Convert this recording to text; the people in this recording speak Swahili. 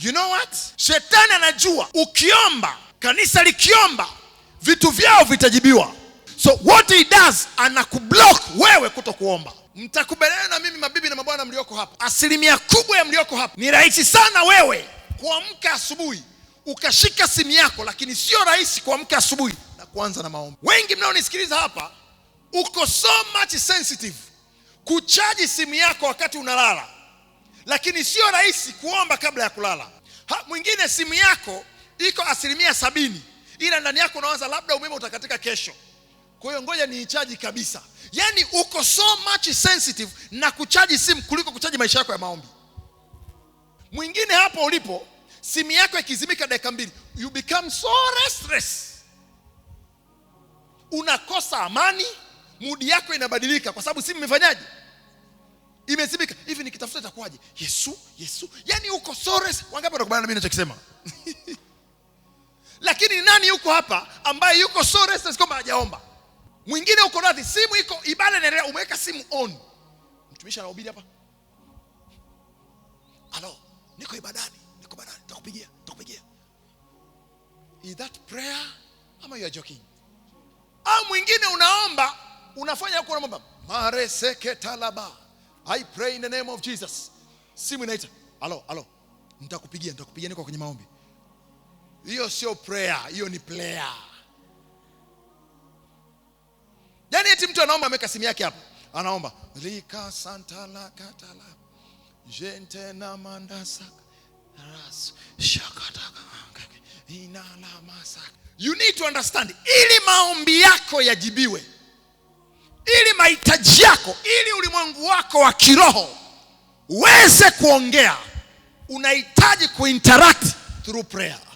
You know what? Shetani anajua ukiomba, kanisa likiomba, vitu vyao vitajibiwa. So what he does, anakublock wewe kuto kuomba. Mtakubaliana na mimi mabibi na mabwana mlioko hapa, asilimia kubwa ya mlioko hapa, ni rahisi sana wewe kuamka asubuhi ukashika simu yako, lakini sio rahisi kuamka asubuhi na kuanza na maombi. Wengi mnaonisikiliza hapa, uko so much sensitive kuchaji simu yako wakati unalala lakini sio rahisi kuomba kabla ya kulala. Ha, mwingine simu yako iko asilimia sabini ila ndani yako unawaza labda umeme utakatika kesho, kwa hiyo ngoja niichaji kabisa. Yaani uko so much sensitive na kuchaji simu kuliko kuchaji maisha yako ya maombi. Mwingine hapo ulipo simu yako ikizimika dakika mbili, you become so restless, unakosa amani, mudi yako inabadilika kwa sababu simu imefanyaje? imezimika hivi, nikitafuta itakuwaje? Yesu, Yesu, yani uko sores. Wangapi wanakubaliana na mimi ninachokisema? Lakini nani yuko hapa ambaye yuko sores na sikomba hajaomba? Mwingine uko radhi, simu iko, ibada inaendelea, umeweka simu on. Mtumishi anahubiri hapa, halo, niko ibadani, niko ibadani, takupigia, takupigia. Is that prayer ama you are joking? Au mwingine unaomba, unafanya huko, unaomba mare seke I pray in the name of Jesus. Simu inaita. Halo, halo. Nitakupigia, nitakupigia niko kwenye maombi. Hiyo sio prayer, hiyo ni player. Yaani eti mtu anaomba ameweka simu yake hapo. Anaomba lika la katala. Jente na mandasa. Ras shakataka. Inala masaka. You need to understand ili maombi yako yajibiwe ili mahitaji yako, ili ulimwengu wako wa kiroho uweze kuongea, unahitaji kuinteract through prayer.